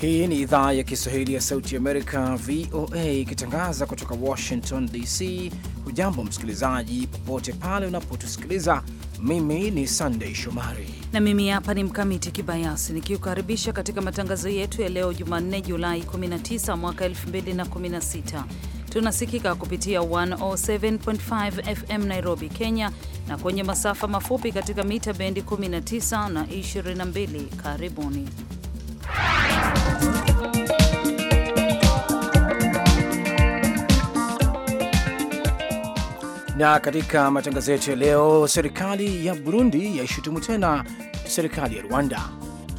Hii ni idhaa ya Kiswahili ya Sauti Amerika, VOA, ikitangaza kutoka Washington DC. Hujambo msikilizaji, popote pale unapotusikiliza. Mimi ni Sandei Shomari na mimi hapa ni Mkamiti Kibayasi nikiukaribisha katika matangazo yetu ya leo Jumanne, Julai 19 mwaka 2016. Tunasikika kupitia 107.5 FM Nairobi, Kenya, na kwenye masafa mafupi katika mita bendi 19 na 22. Karibuni. Na katika matangazo yetu ya leo, serikali ya Burundi yaishutumu tena serikali ya Rwanda.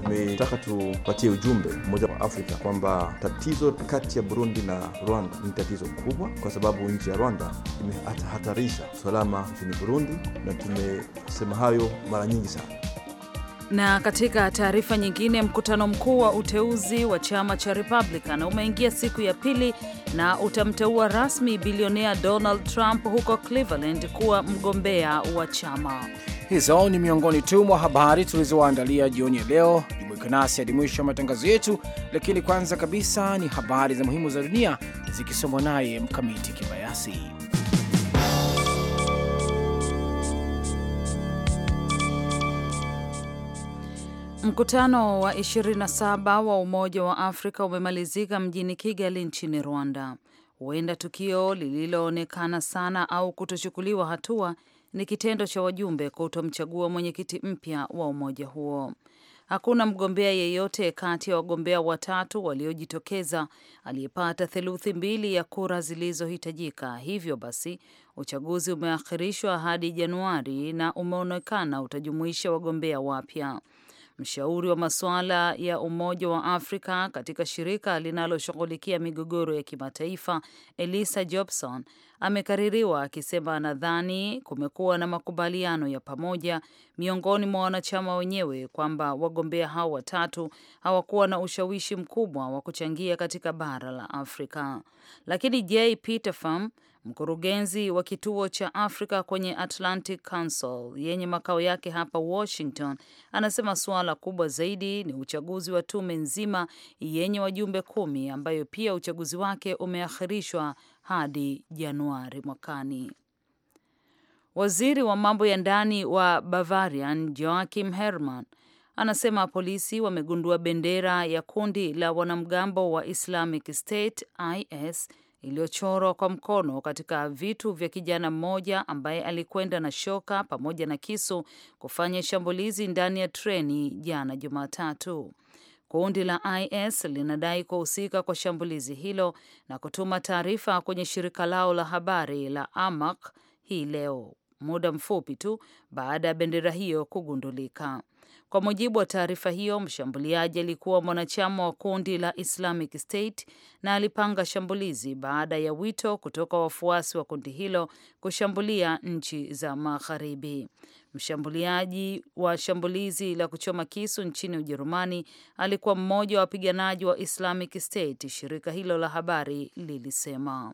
Tumetaka tupatie ujumbe mmoja wa Afrika kwamba tatizo kati ya Burundi na Rwanda ni tatizo kubwa, kwa sababu nchi ya Rwanda imehatarisha usalama nchini Burundi, na tumesema hayo mara nyingi sana. Na katika taarifa nyingine, mkutano mkuu wa uteuzi wa chama cha Republican umeingia siku ya pili na utamteua rasmi bilionea Donald Trump huko Cleveland kuwa mgombea wa chama. Hizo ni miongoni tu mwa habari tulizowaandalia jioni ya leo. Jumuika nasi hadi mwisho wa matangazo yetu, lakini kwanza kabisa ni habari za muhimu za dunia zikisomwa naye Mkamiti Kibayasi. Mkutano wa 27 wa Umoja wa Afrika umemalizika mjini Kigali nchini Rwanda. Huenda tukio lililoonekana sana au kutochukuliwa hatua ni kitendo cha wajumbe kutomchagua mwenyekiti mpya wa umoja huo. Hakuna mgombea yeyote kati ya wagombea watatu waliojitokeza aliyepata theluthi mbili ya kura zilizohitajika. Hivyo basi uchaguzi umeakhirishwa hadi Januari na umeonekana utajumuisha wagombea wapya. Mshauri wa masuala ya Umoja wa Afrika katika shirika linaloshughulikia migogoro ya kimataifa, Elisa Jobson, amekaririwa akisema anadhani kumekuwa na makubaliano ya pamoja miongoni mwa wanachama wenyewe kwamba wagombea hao watatu hawakuwa na ushawishi mkubwa wa kuchangia katika bara la Afrika. Lakini J Peterfam Mkurugenzi wa kituo cha Afrika kwenye Atlantic Council yenye makao yake hapa Washington anasema suala kubwa zaidi ni uchaguzi wa tume nzima yenye wajumbe kumi ambayo pia uchaguzi wake umeahirishwa hadi Januari mwakani. Waziri wa mambo ya ndani wa Bavarian Joachim Herman anasema polisi wamegundua bendera ya kundi la wanamgambo wa Islamic State IS iliyochorwa kwa mkono katika vitu vya kijana mmoja ambaye alikwenda na shoka pamoja na kisu kufanya shambulizi ndani ya treni jana Jumatatu. Kundi la IS linadai kuhusika kwa shambulizi hilo na kutuma taarifa kwenye shirika lao la habari la Amaq hii leo, muda mfupi tu baada ya bendera hiyo kugundulika. Kwa mujibu wa taarifa hiyo, mshambuliaji alikuwa mwanachama wa kundi la Islamic State na alipanga shambulizi baada ya wito kutoka wafuasi wa kundi hilo kushambulia nchi za Magharibi. Mshambuliaji wa shambulizi la kuchoma kisu nchini Ujerumani alikuwa mmoja wa wapiganaji wa Islamic State, shirika hilo la habari lilisema.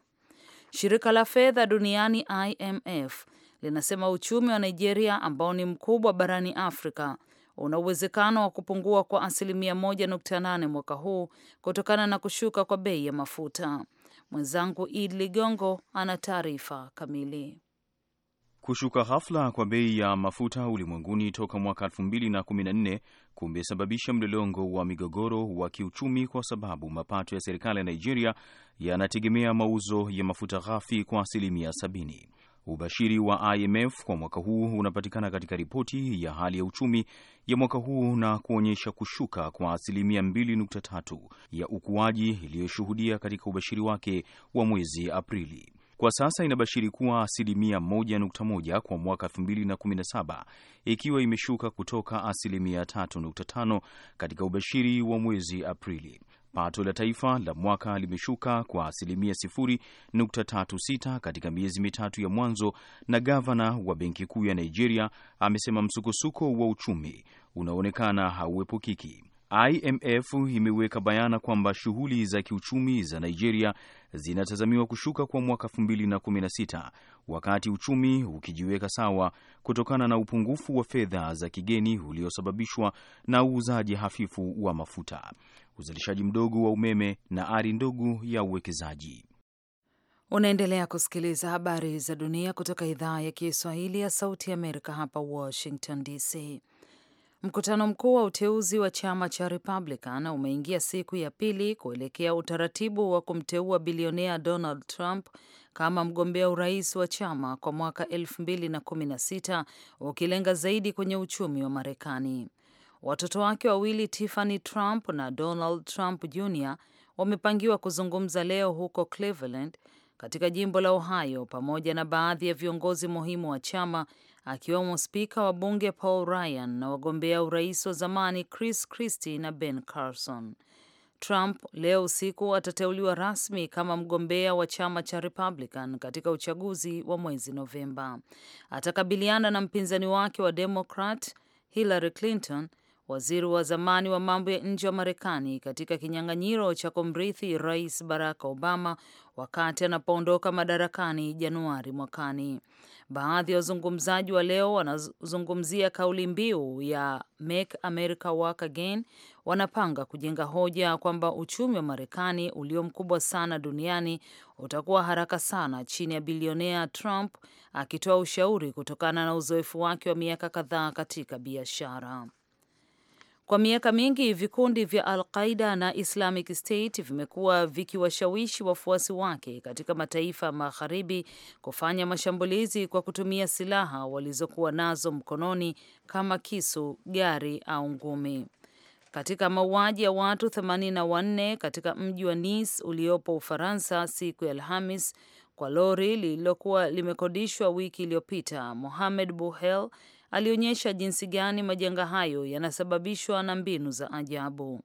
Shirika la fedha duniani IMF linasema uchumi wa Nigeria ambao ni mkubwa barani Afrika una uwezekano wa kupungua kwa asilimia 1.8 mwaka huu kutokana na kushuka kwa bei ya mafuta. Mwenzangu Id Ligongo ana taarifa kamili. Kushuka ghafla kwa bei ya mafuta ulimwenguni toka mwaka 2014 kumesababisha mlolongo wa migogoro wa kiuchumi kwa sababu mapato ya serikali ya Nigeria yanategemea mauzo ya mafuta ghafi kwa asilimia 70. Ubashiri wa IMF kwa mwaka huu unapatikana katika ripoti ya hali ya uchumi ya mwaka huu na kuonyesha kushuka kwa asilimia 2.3 ya ukuaji iliyoshuhudia katika ubashiri wake wa mwezi Aprili. Kwa sasa inabashiri kuwa asilimia 1.1 kwa mwaka 2017 ikiwa imeshuka kutoka asilimia 3.5 katika ubashiri wa mwezi Aprili. Pato la taifa la mwaka limeshuka kwa asilimia 0.36 katika miezi mitatu ya mwanzo, na gavana wa benki kuu ya Nigeria amesema msukosuko wa uchumi unaonekana hauepukiki. IMF imeweka bayana kwamba shughuli za kiuchumi za Nigeria zinatazamiwa kushuka kwa mwaka 2016 wakati uchumi ukijiweka sawa kutokana na upungufu wa fedha za kigeni uliosababishwa na uuzaji hafifu wa mafuta, uzalishaji mdogo wa umeme na ari ndogo ya uwekezaji. Unaendelea kusikiliza habari za dunia kutoka idhaa ya Kiswahili ya Sauti ya Amerika hapa Washington DC. Mkutano mkuu wa uteuzi wa chama cha Republican umeingia siku ya pili kuelekea utaratibu wa kumteua bilionea Donald Trump kama mgombea urais wa chama kwa mwaka 2016 ukilenga zaidi kwenye uchumi wa Marekani. Watoto wake wawili Tiffany Trump na Donald Trump Jr wamepangiwa kuzungumza leo huko Cleveland katika jimbo la Ohio pamoja na baadhi ya viongozi muhimu wa chama akiwemo spika wa bunge Paul Ryan na wagombea urais wa zamani Chris Christie na Ben Carson. Trump leo usiku atateuliwa rasmi kama mgombea wa chama cha Republican katika uchaguzi wa mwezi Novemba. Atakabiliana na mpinzani wake wa Democrat Hillary Clinton waziri wa zamani wa mambo ya nje wa Marekani katika kinyang'anyiro cha kumrithi Rais Barack Obama wakati anapoondoka madarakani Januari mwakani. Baadhi ya wazungumzaji wa leo wanazungumzia kauli mbiu ya Make America Work Again. Wanapanga kujenga hoja kwamba uchumi wa Marekani ulio mkubwa sana duniani utakuwa haraka sana chini ya bilionea Trump, akitoa ushauri kutokana na uzoefu wake wa miaka kadhaa katika biashara. Kwa miaka mingi vikundi vya Al-Qaida na Islamic State vimekuwa vikiwashawishi wafuasi wake katika mataifa ya magharibi kufanya mashambulizi kwa kutumia silaha walizokuwa nazo mkononi kama kisu, gari au ngumi. Katika mauaji ya watu 84 katika mji wa Nice uliopo Ufaransa siku ya Alhamis kwa lori lililokuwa limekodishwa wiki iliyopita, Mohamed Buhel alionyesha jinsi gani majanga hayo yanasababishwa na mbinu za ajabu,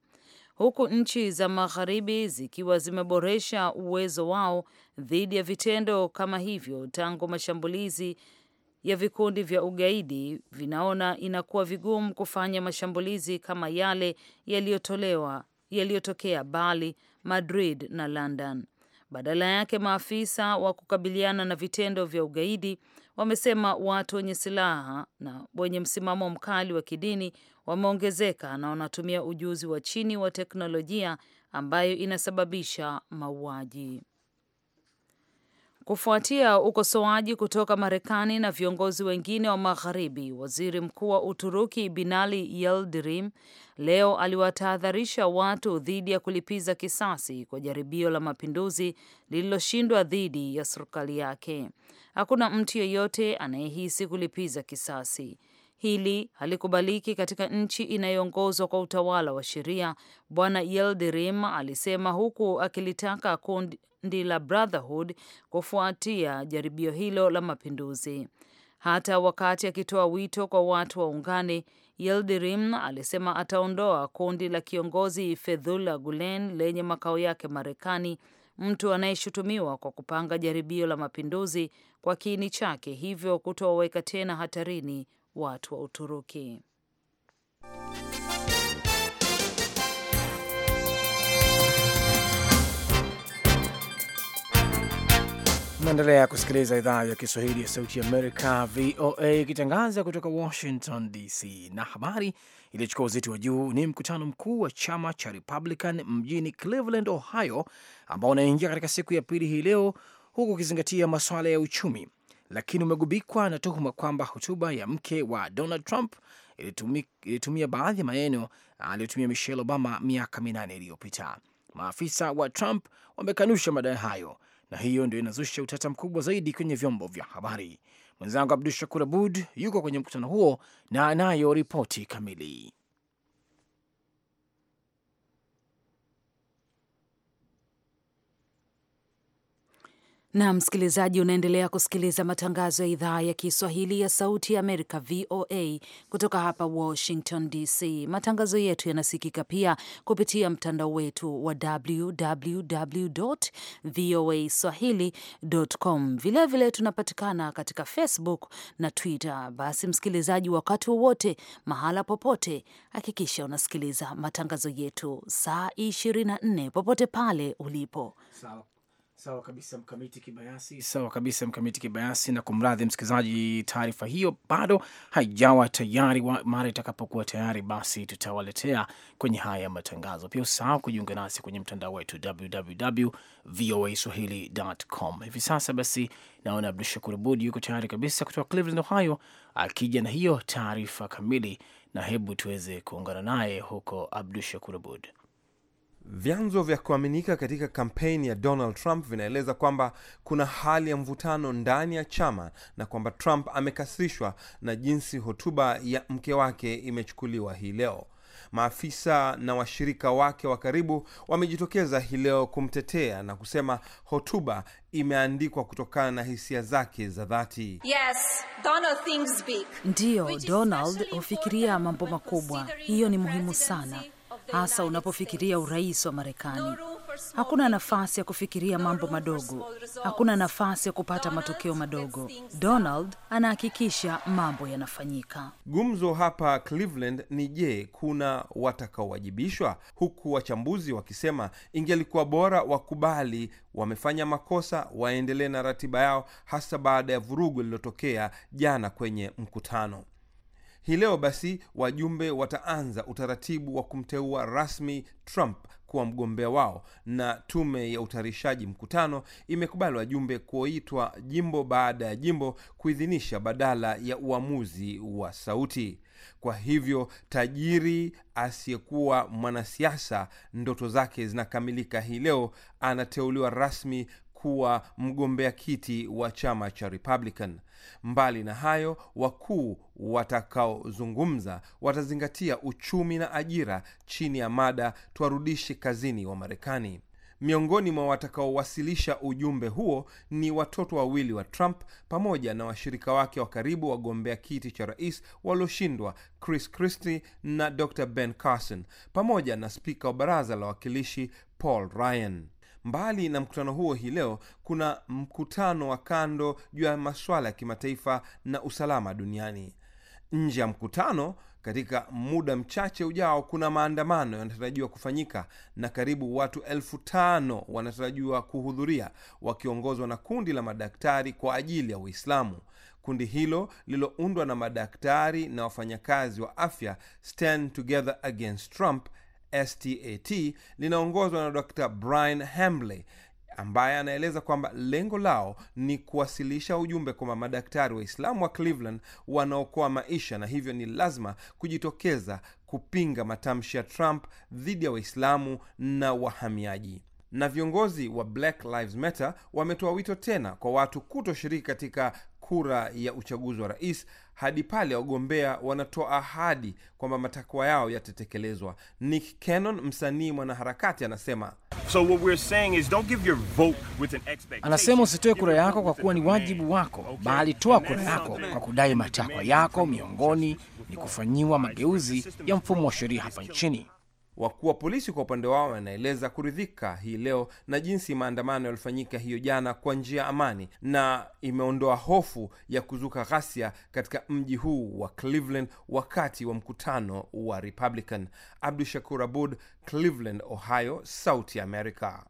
huku nchi za magharibi zikiwa zimeboresha uwezo wao dhidi ya vitendo kama hivyo tangu mashambulizi ya vikundi vya ugaidi vinaona inakuwa vigumu kufanya mashambulizi kama yale yaliyotolewa yaliyotokea Bali, Madrid na London. Badala yake, maafisa wa kukabiliana na vitendo vya ugaidi wamesema watu wenye silaha na wenye msimamo mkali wa kidini wameongezeka na wanatumia ujuzi wa chini wa teknolojia ambayo inasababisha mauaji kufuatia ukosoaji kutoka Marekani na viongozi wengine wa Magharibi. Waziri Mkuu wa Uturuki Binali Yildirim leo aliwatahadharisha watu dhidi ya kulipiza kisasi kwa jaribio la mapinduzi lililoshindwa dhidi ya serikali yake. Hakuna mtu yeyote anayehisi kulipiza kisasi. Hili halikubaliki katika nchi inayoongozwa kwa utawala wa sheria, Bwana yeldrim alisema huku akilitaka kundi la Brotherhood kufuatia jaribio hilo la mapinduzi. Hata wakati akitoa wito kwa watu waungane, yeldrim alisema ataondoa kundi la kiongozi Fethullah Gulen lenye makao yake Marekani, mtu anayeshutumiwa kwa kupanga jaribio la mapinduzi kwa kiini chake, hivyo kutoweka tena hatarini watu wa Uturuki. Naendelea kusikiliza idhaa ya Kiswahili ya Sauti ya Amerika, VOA, ikitangaza kutoka Washington DC. Na habari iliyochukua uzito wa juu ni mkutano mkuu wa chama cha Republican mjini Cleveland, Ohio, ambao unaingia katika siku ya pili hii leo, huku ukizingatia masuala ya uchumi lakini umegubikwa na tuhuma kwamba hotuba ya mke wa Donald Trump ilitumia, baadhi ya maneno aliyotumia Michelle Obama miaka minane iliyopita. Maafisa wa Trump wamekanusha madai hayo, na hiyo ndio inazusha utata mkubwa zaidi kwenye vyombo vya habari. Mwenzangu Abdu Shakur Abud yuko kwenye mkutano huo na anayo ripoti kamili. na msikilizaji, unaendelea kusikiliza matangazo ya idhaa ya Kiswahili ya Sauti ya Amerika, VOA, kutoka hapa Washington DC. Matangazo yetu yanasikika pia kupitia mtandao wetu wa www voa swahili.com. Vilevile tunapatikana katika Facebook na Twitter. Basi msikilizaji, wakati wowote, mahala popote, hakikisha unasikiliza matangazo yetu saa 24 popote pale ulipo. Sawa. Sawa kabisa mkamiti kibayasi, sawa kabisa mkamiti kibayasi. Na kumradhi msikilizaji, taarifa hiyo bado haijawa tayari. Mara itakapokuwa tayari, basi tutawaletea kwenye haya matangazo. Pia usahau kujiunga nasi kwenye mtandao wetu www voa swahilicom Hivi sasa basi, naona Abdu Shakur Budi yuko tayari kabisa kutoka Cleveland, Ohio, akija na hiyo taarifa kamili, na hebu tuweze kuungana naye huko. Abdu Shakur bud Vyanzo vya kuaminika katika kampeni ya Donald Trump vinaeleza kwamba kuna hali ya mvutano ndani ya chama na kwamba Trump amekasirishwa na jinsi hotuba ya mke wake imechukuliwa hii leo. Maafisa na washirika wake wa karibu wamejitokeza hii leo kumtetea na kusema hotuba imeandikwa kutokana na hisia zake za dhati. Yes, ndiyo Donald hufikiria mambo makubwa, hiyo ni muhimu sana hasa unapofikiria urais wa Marekani. Hakuna nafasi ya kufikiria mambo madogo, hakuna nafasi ya kupata matokeo madogo. Donald anahakikisha mambo yanafanyika. Gumzo hapa Cleveland ni je, kuna watakaowajibishwa? Huku wachambuzi wakisema ingelikuwa bora wakubali wamefanya makosa, waendelee na ratiba yao, hasa baada ya vurugu lililotokea jana kwenye mkutano. Hii leo basi wajumbe wataanza utaratibu wa kumteua rasmi Trump kuwa mgombea wao, na tume ya utayarishaji mkutano imekubali wajumbe kuoitwa jimbo baada ya jimbo kuidhinisha badala ya uamuzi wa sauti. Kwa hivyo tajiri asiyekuwa mwanasiasa, ndoto zake zinakamilika hii leo, anateuliwa rasmi kuwa mgombea kiti wa chama cha Republican. Mbali na hayo, wakuu watakaozungumza watazingatia uchumi na ajira chini ya mada tuwarudishe kazini wa Marekani. Miongoni mwa watakaowasilisha ujumbe huo ni watoto wawili wa Trump pamoja na washirika wake wa karibu wagombea kiti cha rais walioshindwa Chris Christie na Dr Ben Carson pamoja na spika wa baraza la wawakilishi Paul Ryan. Mbali na mkutano huo, hii leo kuna mkutano wa kando juu ya maswala ya kimataifa na usalama duniani. Nje ya mkutano, katika muda mchache ujao, kuna maandamano yanatarajiwa kufanyika na karibu watu elfu tano wanatarajiwa kuhudhuria wakiongozwa na kundi la madaktari kwa ajili ya Uislamu. Kundi hilo lililoundwa na madaktari na wafanyakazi wa afya Stand Together Against Trump stat linaongozwa na dr brian hambley ambaye anaeleza kwamba lengo lao ni kuwasilisha ujumbe kwamba madaktari waislamu wa cleveland wanaokoa maisha na hivyo ni lazima kujitokeza kupinga matamshi ya trump dhidi ya waislamu na wahamiaji na viongozi wa black lives matter wametoa wito tena kwa watu kutoshiriki katika kura ya uchaguzi wa rais hadi pale wagombea wanatoa ahadi kwamba matakwa yao yatatekelezwa. Nick Cannon, msanii mwanaharakati, anasema so anasema usitoe kura yako kwa kuwa ni wajibu wako, bali toa kura yako kwa kudai matakwa yako, miongoni ni kufanyiwa mageuzi ya mfumo wa sheria hapa nchini. Wakuu wa polisi kwa upande wao wanaeleza kuridhika hii leo na jinsi maandamano yalifanyika hiyo jana kwa njia ya amani, na imeondoa hofu ya kuzuka ghasia katika mji huu wa Cleveland wakati wa mkutano wa Republican. Abdu Shakur Abud, Cleveland, Ohio, Sauti ya Amerika.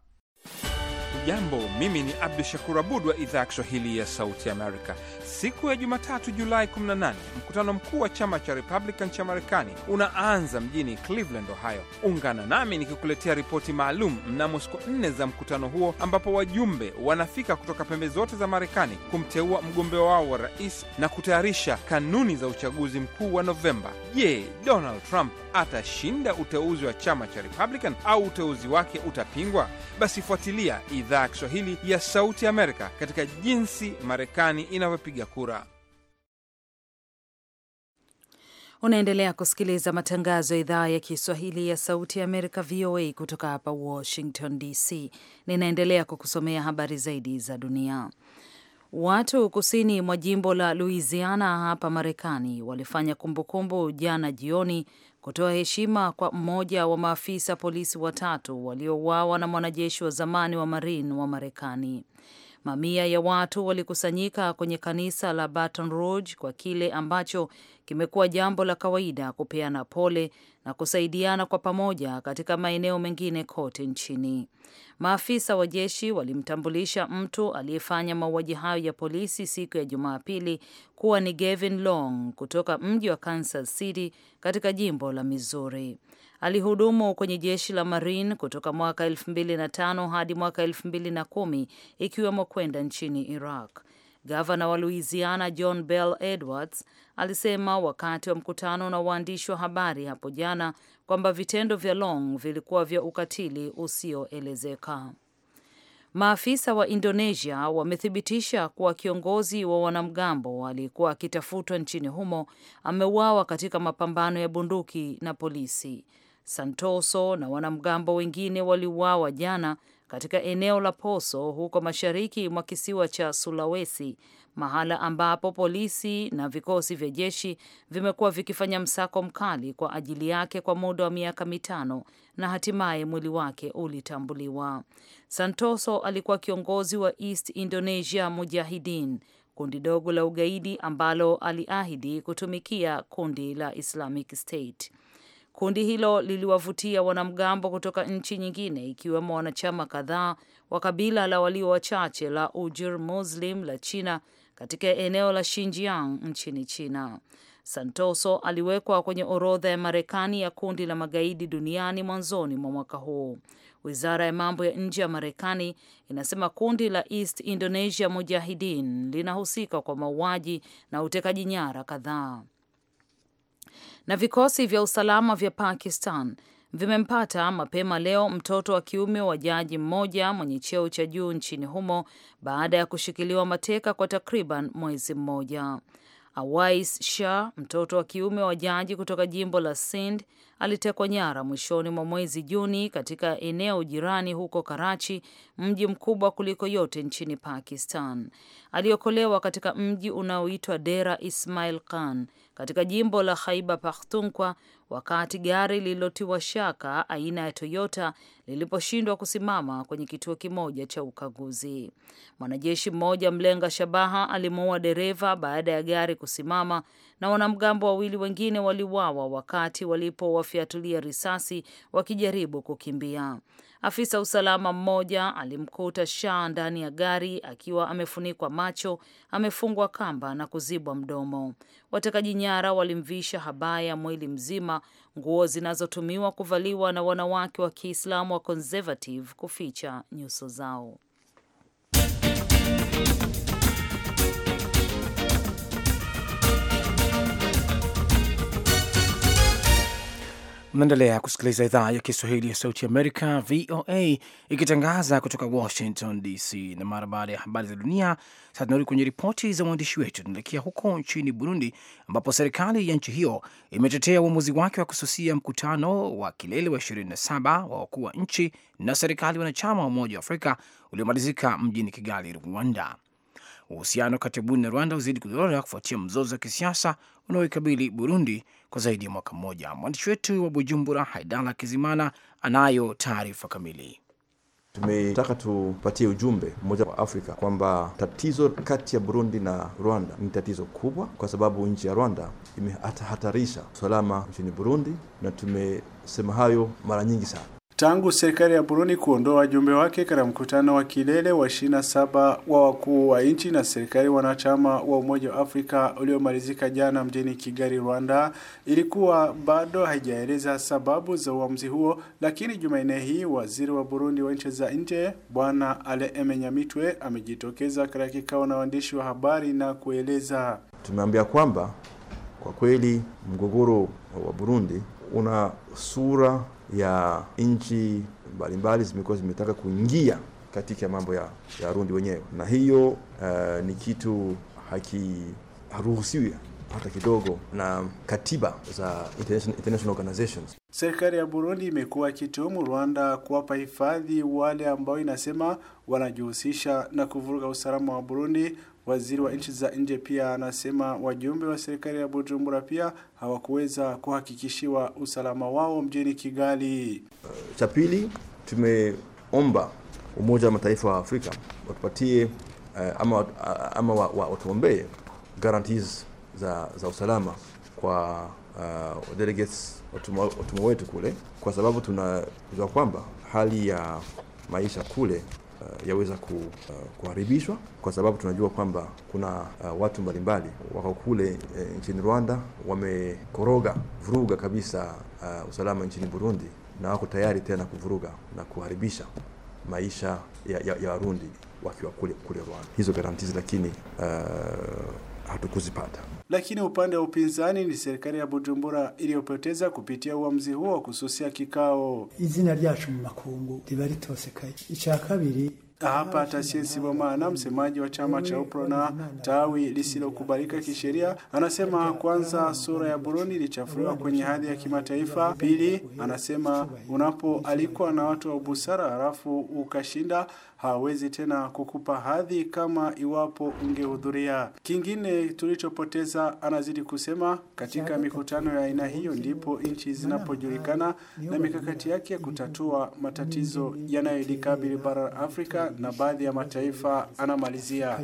Jambo, mimi ni Abdu Shakur Abud wa idhaa ya Kiswahili ya Sauti Amerika. Siku ya Jumatatu, Julai 18, mkutano mkuu wa chama cha Republican cha Marekani unaanza mjini Cleveland, Ohio. Ungana nami nikikuletea ripoti maalum mnamo siku nne za mkutano huo, ambapo wajumbe wanafika kutoka pembe zote za Marekani kumteua mgombea wao wa rais na kutayarisha kanuni za uchaguzi mkuu wa Novemba. Je, Donald Trump atashinda uteuzi wa chama cha Republican au uteuzi wake utapingwa? Basi fuatilia idhaa ya Kiswahili ya Sauti Amerika katika jinsi Marekani inavyopiga kura. Unaendelea kusikiliza matangazo ya idhaa ya Kiswahili ya Sauti ya Amerika, VOA, kutoka hapa Washington DC. Ninaendelea kukusomea habari zaidi za dunia. Watu kusini mwa jimbo la Louisiana hapa Marekani walifanya kumbukumbu jana jioni kutoa heshima kwa mmoja wa maafisa polisi watatu waliouawa na mwanajeshi wa zamani wa Marine wa Marekani. Mamia ya watu walikusanyika kwenye kanisa la Baton Rouge kwa kile ambacho kimekuwa jambo la kawaida kupeana pole na kusaidiana kwa pamoja katika maeneo mengine kote nchini. Maafisa wa jeshi walimtambulisha mtu aliyefanya mauaji hayo ya polisi siku ya Jumapili kuwa ni Gavin Long kutoka mji wa Kansas City katika jimbo la Missouri. Alihudumu kwenye jeshi la Marine kutoka mwaka 2005 hadi mwaka 2010 ikiwemo kwenda nchini Iraq. Gavana wa Louisiana John Bell Edwards alisema wakati wa mkutano na waandishi wa habari hapo jana kwamba vitendo vya Long vilikuwa vya ukatili usioelezeka. Maafisa wa Indonesia wamethibitisha kuwa kiongozi wa wanamgambo aliyekuwa akitafutwa nchini humo ameuawa katika mapambano ya bunduki na polisi. Santoso na wanamgambo wengine waliuawa jana katika eneo la Poso huko mashariki mwa kisiwa cha Sulawesi, mahala ambapo polisi na vikosi vya jeshi vimekuwa vikifanya msako mkali kwa ajili yake kwa muda wa miaka mitano na hatimaye mwili wake ulitambuliwa. Santoso alikuwa kiongozi wa East Indonesia mujahidin kundi dogo la ugaidi ambalo aliahidi kutumikia kundi la Islamic State. Kundi hilo liliwavutia wanamgambo kutoka nchi nyingine ikiwemo wanachama kadhaa wa kabila la walio wachache la Ujur Muslim la China katika eneo la Xinjiang nchini China. Santoso aliwekwa kwenye orodha ya Marekani ya kundi la magaidi duniani mwanzoni mwa mwaka huu. Wizara ya mambo ya nje ya Marekani inasema kundi la East Indonesia Mujahideen linahusika kwa mauaji na utekaji nyara kadhaa na vikosi vya usalama vya Pakistan vimempata mapema leo mtoto wa kiume wa jaji mmoja mwenye cheo cha juu nchini humo baada ya kushikiliwa mateka kwa takriban mwezi mmoja. Awais Shah, mtoto wa kiume wa jaji kutoka jimbo la Sindh, alitekwa nyara mwishoni mwa mwezi Juni katika eneo jirani huko Karachi, mji mkubwa kuliko yote nchini Pakistan. Aliokolewa katika mji unaoitwa Dera Ismail Khan katika jimbo la haiba Pakhtunkwa wakati gari lililotiwa shaka aina ya Toyota liliposhindwa kusimama kwenye kituo kimoja cha ukaguzi. Mwanajeshi mmoja mlenga shabaha alimuua dereva baada ya gari kusimama, na wanamgambo wawili wengine waliuawa wakati walipowafyatulia risasi wakijaribu kukimbia. Afisa usalama mmoja alimkuta Shah ndani ya gari akiwa amefunikwa macho, amefungwa kamba na kuzibwa mdomo. Watekaji nyara walimvisha habaya mwili mzima, nguo zinazotumiwa kuvaliwa na wanawake wa Kiislamu wa conservative kuficha nyuso zao. Mnaendelea kusikiliza idhaa ya Kiswahili ya Sauti Amerika, VOA, ikitangaza kutoka Washington DC. Na mara baada ya habari za dunia, sasa tunarudi kwenye ripoti za mwandishi wetu. Tunaelekea huko nchini Burundi, ambapo serikali ya nchi hiyo imetetea uamuzi wake wa kususia mkutano wa kilele wa 27 wa wakuu wa nchi na serikali wanachama wa Umoja wa Afrika uliomalizika mjini Kigali, Rwanda. Uhusiano kati ya Burundi na Rwanda uzidi kudorora kufuatia mzozo wa kisiasa unaoikabili Burundi kwa zaidi ya mwaka mmoja. Mwandishi wetu wa Bujumbura, Haidala Kizimana, anayo taarifa kamili. Tumetaka tupatie ujumbe mmoja wa Afrika kwamba tatizo kati ya Burundi na Rwanda ni tatizo kubwa, kwa sababu nchi ya Rwanda imehatarisha usalama nchini Burundi, na tumesema hayo mara nyingi sana tangu serikali ya Burundi kuondoa wajumbe wake katika mkutano wa kilele wa 27 wa wakuu wa nchi na serikali wanachama wa Umoja wa Afrika uliomalizika jana mjini Kigali, Rwanda, ilikuwa bado haijaeleza sababu za uamuzi huo, lakini Jumanne hii waziri wa Burundi wa nchi za nje Bwana Ale Emenyamitwe amejitokeza katika kikao na waandishi wa habari na kueleza, tumeambia kwamba kwa kweli mgogoro wa Burundi una sura ya nchi mbalimbali zimekuwa zimetaka kuingia katika mambo ya, ya Warundi wenyewe, na hiyo uh, ni kitu hakiruhusiwi hata kidogo na katiba za international, international organizations. Serikali ya Burundi imekuwa ikituhumu Rwanda kuwapa hifadhi wale ambao inasema wanajihusisha na kuvuruga usalama wa Burundi Waziri wa nchi za nje pia anasema wajumbe wa serikali ya Bujumbura pia hawakuweza kuhakikishiwa usalama wao mjini Kigali. Cha pili, tumeomba Umoja wa Mataifa wa Afrika watupatie eh, ama, ama watuombee wa, wa guarantees za, za usalama kwa uh, delegates watumwa wetu kule, kwa sababu tunajua kwamba hali ya maisha kule uh, yaweza ku, uh, kuharibishwa kwa sababu tunajua kwamba kuna uh, watu mbalimbali wako kule uh, nchini Rwanda wamekoroga vuruga kabisa uh, usalama nchini Burundi na wako tayari tena kuvuruga na kuharibisha maisha ya Warundi wakiwa kule kule Rwanda. Hizo garantizi lakini uh, hatukuzipata. Lakini upande wa upinzani ni serikali ya Bujumbura iliyopoteza kupitia uamuzi huo wa kususia kikao. izina ryacu mu makungu riba ritosekaye icya kabiri hapa Tasie Sibomana, msemaji wa chama cha UPRONA tawi lisilokubalika kisheria, anasema kwanza, sura ya Burundi ilichafuliwa kwenye hadhi ya kimataifa. Pili, anasema unapoalikwa na watu wa busara halafu ukashinda, hawezi tena kukupa hadhi kama iwapo ungehudhuria. Kingine tulichopoteza, anazidi kusema, katika mikutano ya aina hiyo ndipo nchi zinapojulikana na mikakati yake ya kutatua matatizo yanayolikabili bara la Afrika na baadhi ya mataifa anamalizia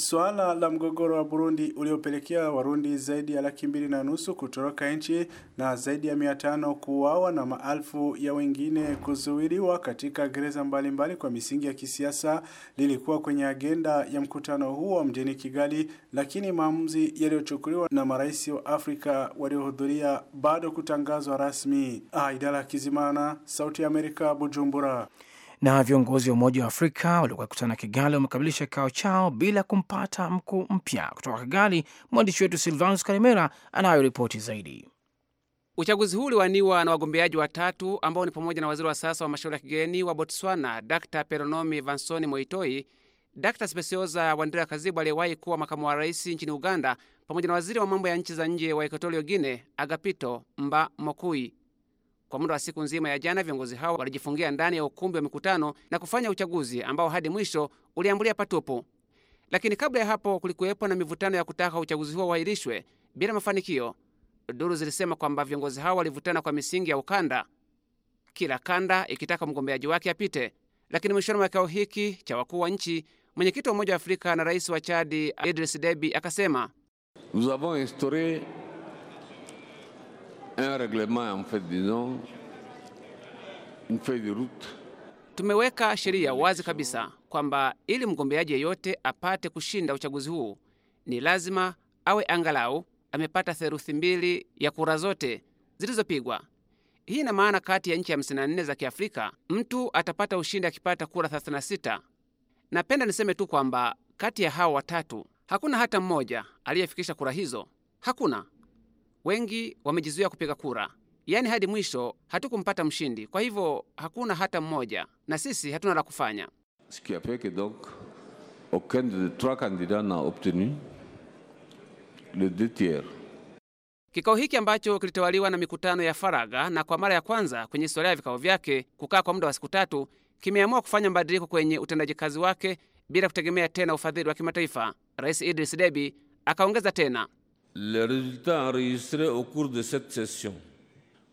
Suala la mgogoro wa Burundi uliopelekea Warundi zaidi ya laki mbili na nusu kutoroka nchi na zaidi ya mia tano kuuawa na maelfu ya wengine kuzuiliwa katika gereza mbalimbali kwa misingi ya kisiasa lilikuwa kwenye agenda ya mkutano huo mjini Kigali, lakini maamuzi yaliyochukuliwa na marais wa Afrika waliohudhuria bado kutangazwa rasmi. Aidala Kizimana, Sauti ya Amerika, Bujumbura na viongozi wa Umoja wa Afrika waliokuwa wakikutana Kigali wamekamilisha kikao chao bila kumpata mkuu mpya kutoka Kigali. Mwandishi wetu Silvanus Karimera anayo ripoti zaidi. Uchaguzi huu uliwaniwa na wagombeaji watatu ambao ni pamoja na waziri wa sasa wa mashauri ya kigeni wa Botswana Dr Peronomi Vansoni Moitoi, Dr Specioza Wandera Kazibu aliyewahi kuwa makamu wa rais nchini Uganda, pamoja na waziri wa mambo ya nchi za nje wa ekuatorio Guine Agapito Mba Mokui. Kwa muda wa siku nzima ya jana, viongozi hao walijifungia ndani ya ukumbi wa mikutano na kufanya uchaguzi ambao hadi mwisho uliambulia patupu. Lakini kabla ya hapo kulikuwepo na mivutano ya kutaka uchaguzi huo uahirishwe bila mafanikio. Duru zilisema kwamba viongozi hao walivutana kwa misingi ya ukanda, kila kanda ikitaka mgombeaji wake apite. Lakini mwishoni mwa kikao hiki cha wakuu wa nchi, mwenyekiti wa Umoja wa Afrika na rais wa Chadi Idris Deby akasema Nous avons instauré un règlement en fait disons une feuille de route. Tumeweka sheria wazi kabisa kwamba ili mgombeaji yeyote apate kushinda uchaguzi huu ni lazima awe angalau amepata theluthi mbili ya kura zote zilizopigwa. Hii ina maana kati ya nchi 54 za Kiafrika mtu atapata ushindi akipata kura 36. Napenda niseme tu kwamba kati ya hao watatu hakuna hata mmoja aliyefikisha kura hizo, hakuna wengi wamejizuia kupiga kura, yaani hadi mwisho hatukumpata mshindi. Kwa hivyo hakuna hata mmoja, na sisi hatuna la kufanya. Kikao hiki ambacho kilitawaliwa na mikutano ya faragha na kwa mara ya kwanza kwenye historia ya vikao vyake kukaa kwa muda wa siku tatu kimeamua kufanya mabadiliko kwenye utendaji kazi wake bila kutegemea tena ufadhili wa kimataifa. Rais Idris Deby akaongeza tena Les résultats enregistrés au cours de cette session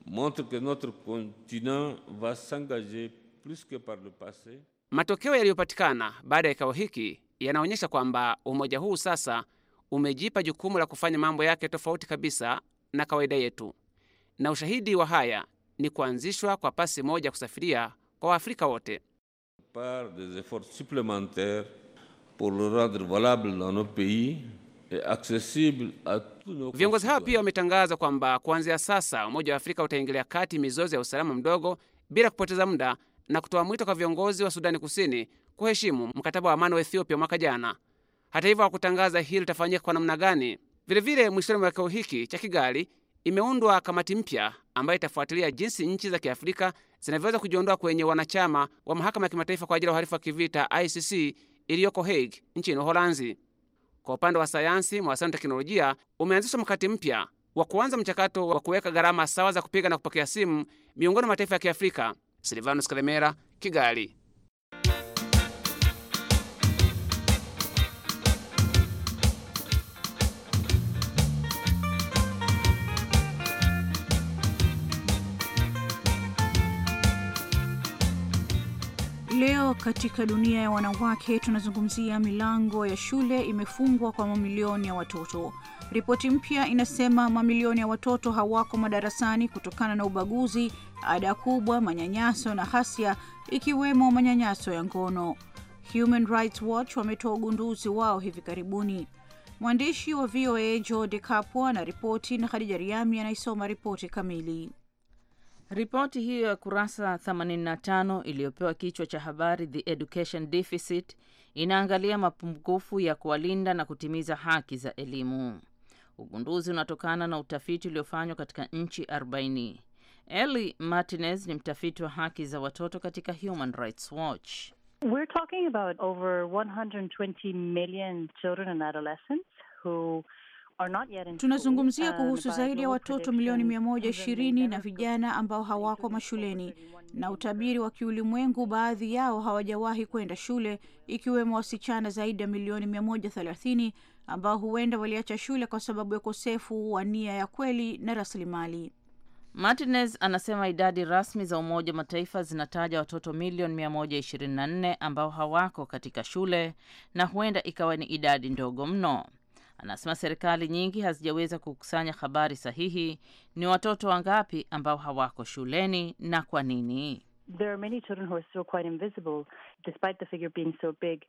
montrent que notre continent va s'engager plus que par le passé. Matokeo yaliyopatikana baada ya kikao hiki yanaonyesha kwamba umoja huu sasa umejipa jukumu la kufanya mambo yake tofauti kabisa na kawaida yetu, na ushahidi wa haya ni kuanzishwa kwa pasi moja kusafiria kwa Waafrika wote par des efforts supplémentaires pour le rendre valable dans nos pays Eh, viongozi hao pia wametangaza kwamba kuanzia sasa Umoja wa Afrika utaingilia kati mizozo ya usalama mdogo bila kupoteza muda na kutoa mwito kwa viongozi wa Sudani Kusini kuheshimu mkataba wa amani wa Ethiopia mwaka jana. Hata hivyo hawakutangaza hili litafanyika kwa namna gani. Vilevile, mwishoni mwa kikao hiki cha Kigali imeundwa kamati mpya ambayo itafuatilia jinsi nchi za Kiafrika zinavyoweza kujiondoa kwenye wanachama wa mahakama ya kimataifa kwa ajili ya uhalifu wa kivita ICC iliyoko Hague nchini Uholanzi. Kwa upande wa sayansi, mawasiliano na teknolojia, umeanzishwa mkakati mpya wa kuanza mchakato wa kuweka gharama sawa za kupiga na kupokea simu miongoni mwa mataifa ya Kiafrika. Silvanus Kalemera, Kigali. Katika dunia ya wanawake tunazungumzia milango ya shule imefungwa kwa mamilioni ya watoto. Ripoti mpya inasema mamilioni ya watoto hawako madarasani kutokana na ubaguzi, ada kubwa, manyanyaso na hasia, ikiwemo manyanyaso ya ngono. Human Rights Watch wametoa ugunduzi wao hivi karibuni. Mwandishi wa VOA Joe De Capua anaripoti na Khadija Riami anaisoma ripoti kamili. Ripoti hiyo ya kurasa 85 iliyopewa kichwa cha habari The Education Deficit inaangalia mapungufu ya kuwalinda na kutimiza haki za elimu. Ugunduzi unatokana na utafiti uliofanywa katika nchi 40. Eli Martinez ni mtafiti wa haki za watoto katika Human Rights Watch. We're talking about over 120 million children and adolescents who Tunazungumzia kuhusu uh, zaidi ya watoto milioni mia moja ishirini na vijana ambao hawako mashuleni, na utabiri wa kiulimwengu, baadhi yao hawajawahi kwenda shule, ikiwemo wasichana zaidi ya milioni 130 ambao huenda waliacha shule kwa sababu ya ukosefu wa nia ya kweli na rasilimali. Martinez anasema idadi rasmi za Umoja wa Mataifa zinataja watoto milioni 124 ambao hawako katika shule na huenda ikawa ni idadi ndogo mno. Anasema serikali nyingi hazijaweza kukusanya habari sahihi ni watoto wangapi ambao hawako shuleni na kwa nini. There are many children who are still quite invisible despite the figure being so big.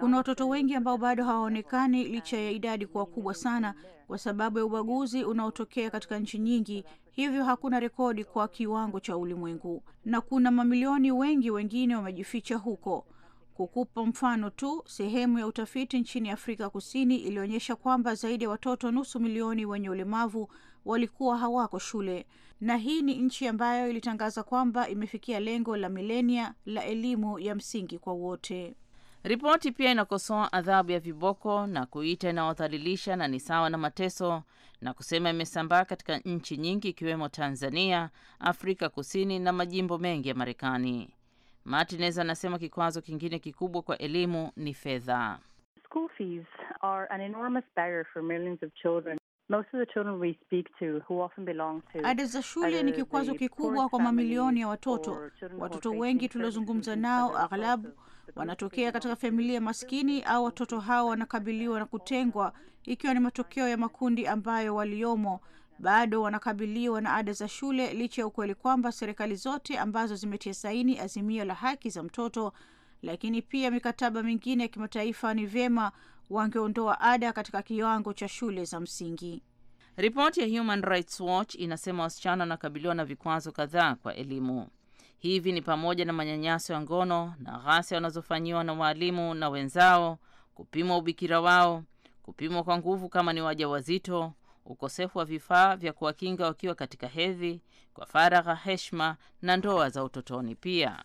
Kuna watoto wengi ambao bado hawaonekani licha ya idadi kuwa kubwa sana, kwa sababu ya ubaguzi unaotokea katika nchi nyingi. Hivyo hakuna rekodi kwa kiwango cha ulimwengu, na kuna mamilioni wengi wengine wamejificha huko. Kukupa mfano tu, sehemu ya utafiti nchini Afrika Kusini ilionyesha kwamba zaidi ya watoto nusu milioni wenye ulemavu walikuwa hawako shule, na hii ni nchi ambayo ilitangaza kwamba imefikia lengo la milenia la elimu ya msingi kwa wote. Ripoti pia inakosoa adhabu ya viboko na kuita inawadhalilisha na ni sawa na mateso na kusema imesambaa katika nchi nyingi ikiwemo Tanzania, Afrika Kusini na majimbo mengi ya Marekani. Martinez anasema kikwazo kingine kikubwa kwa elimu ni fedha. School fees are an enormous barrier for millions of children. Ada za shule ni kikwazo kikubwa kwa mamilioni ya watoto. Watoto wengi tuliozungumza nao aghlabu wanatokea katika familia maskini, au watoto hao wanakabiliwa na kutengwa, ikiwa ni matokeo ya makundi ambayo waliomo bado wanakabiliwa na ada za shule licha ya ukweli kwamba serikali zote ambazo zimetia saini azimio la haki za mtoto, lakini pia mikataba mingine ya kimataifa, ni vyema wangeondoa ada katika kiwango cha shule za msingi. Ripoti ya Human Rights Watch inasema wasichana wanakabiliwa na vikwazo kadhaa kwa elimu. Hivi ni pamoja na manyanyaso ya ngono na ghasia wanazofanyiwa na waalimu na wenzao, kupimwa ubikira wao, kupimwa kwa nguvu kama ni waja wazito ukosefu wa vifaa vya kuwakinga wakiwa katika hedhi, kwa faragha, heshima na ndoa za utotoni pia.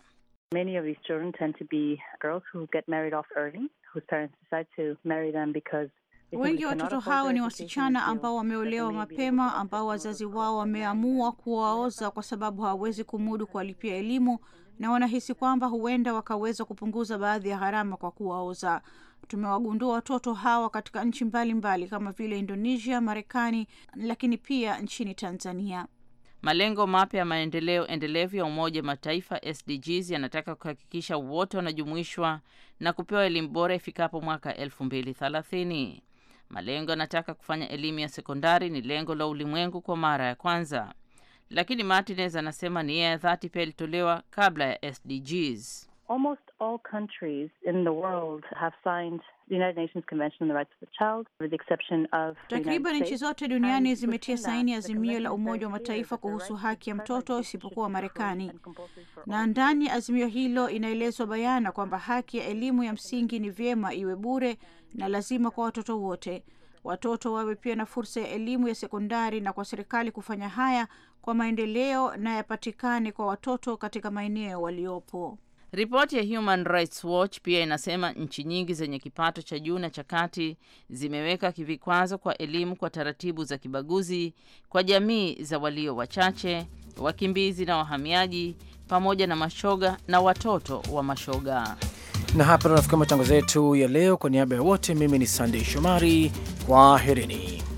Many of these children tend to be girls who get married off early, whose parents decide to marry them because wengi wa watoto hao ni wasichana ambao wameolewa mapema ambao wazazi wao wameamua kuwaoza kwa sababu hawawezi kumudu kuwalipia elimu na wanahisi kwamba huenda wakaweza kupunguza baadhi ya gharama kwa kuwaoza. Tumewagundua watoto hawa katika nchi mbalimbali kama vile Indonesia, Marekani, lakini pia nchini Tanzania. Malengo mapya ya maendeleo endelevu ya Umoja Mataifa SDGs yanataka kuhakikisha wote wanajumuishwa na kupewa elimu bora ifikapo mwaka 2030. Malengo yanataka kufanya elimu ya sekondari ni lengo la ulimwengu kwa mara ya kwanza, lakini Martinez anasema nia ya dhati pia ilitolewa kabla ya SDGs. Almost all countries in the world have signed the United Nations Convention on the Rights of the Child with the exception of Takriban nchi zote duniani zimetia saini azimio la Umoja wa Mataifa kuhusu haki ya mtoto isipokuwa Marekani. Na ndani ya azimio hilo inaelezwa bayana kwamba haki ya elimu ya msingi ni vyema iwe bure na lazima kwa watoto wote. Watoto wawe pia na fursa ya elimu ya sekondari na kwa serikali kufanya haya kwa maendeleo na yapatikane kwa watoto katika maeneo waliopo. Ripoti ya Human Rights Watch pia inasema nchi nyingi zenye kipato cha juu na cha kati zimeweka vikwazo kwa elimu kwa taratibu za kibaguzi kwa jamii za walio wachache, wakimbizi na wahamiaji, pamoja na mashoga na watoto wa mashoga. Na hapa tunafika matangazo yetu ya leo. Kwa niaba ya wote, mimi ni sandey Shomari, herini.